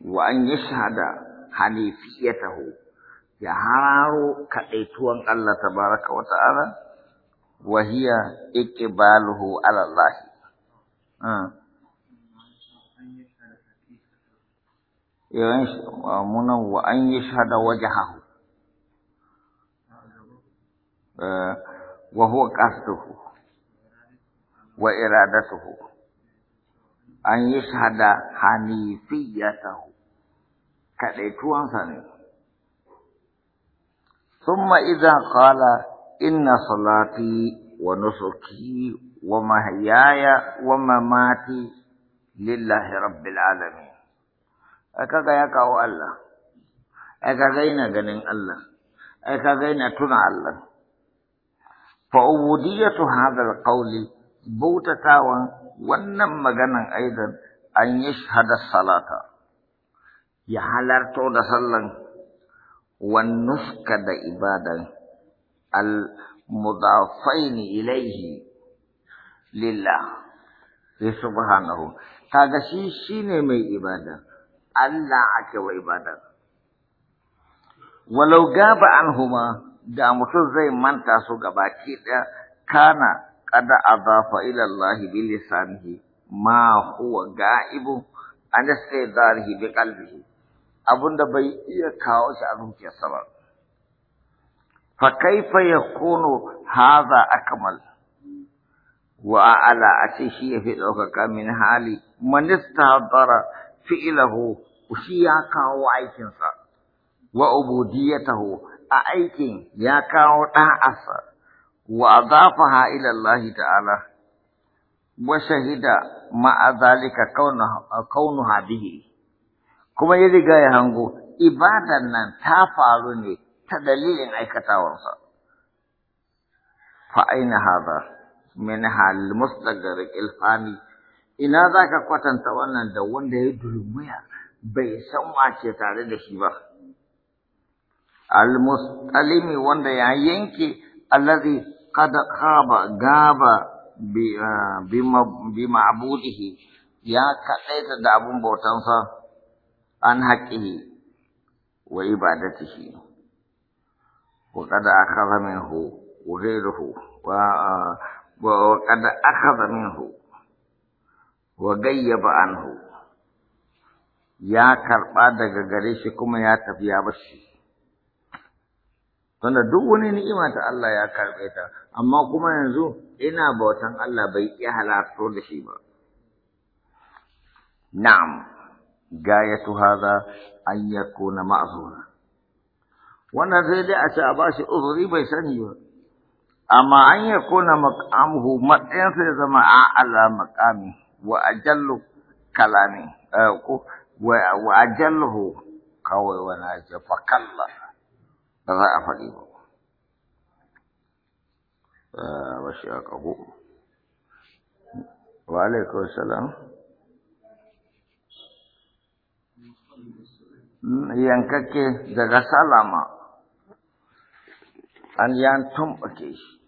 wa an yi shahada yashhada ho, ya hararo kadaituwan Allah Ta baraka wa ta'ala wa hiya iqbaluhu ala Allah yawan wa an yashhada wajhahu eh, wa huwa qasduhu wa iradatuhu an yi shahada hanifiyatahu kaɗaituwansa ثم إذا قال إن صلاتي ونسكي ومحياي ومماتي لله رب العالمين أكاكا يكاو الله أكاكينا غنين الله أكاكينا تنع الله فعبودية هذا القول بوتتاوان wannan maganan aidan an yi shahadar salata ya halarto da sallan wan nuska da ibadan al mudafain ilayhi lillah ya subhanahu kaga shi shine mai ibada Allah ake wa ibada walau gaba anhuma da mutum zai manta su gabaki daya kana قد أضاف إلى الله بلسانه ما هو غائب عن استداره بقلبه أبن دبي يكاوش عنه في الصبر فكيف يكون هذا أكمل وعلى أشيشية في الأوكاك من حالي من استهدر فعله وشياكا وعيكنسا وعبوديته أعيكن يكاو وطاعسا Wa za fa hailallahi ta'ala? Wanshi shahida ma'azalika a kauna hadu he? Kuma yadda gaya hango, ibadar nan ta faru ne ta dalilin aikatawansa. Fa ainiha da menaha al-musu daga fani. Ina zaka kwatanta wannan da wanda ya yi bai san wa ke tare da shi ba? A al-mus'alimi wanda ya yanke alade. قد خاب غاب آه، بمعبوده يا كتيت دابون بوتانسا عن حقه وعبادته وقد أخذ منه وغيره آه، وقد أخذ منه وغيب عنه يا كربا دغ كما يا تفيا بشي Tunda duk wani ni'ima ta Allah ya karɓe ta, amma kuma yanzu ina bautan Allah bai iya halarto da shi ba. Na'am, gayatu haza an yakuna ma'zura. Wannan zai dai a ce a bashi uzuri bai sani ba. Amma an yakuna maqamuhu matsayin ya zama a Allah maqami wa ajallu kalami eh, ko wa ajallu kawai wani ce fa ba za a faɗi ba eh, ba shi a wa alaikawar salam hmm, daga salama an yan tumɓake shi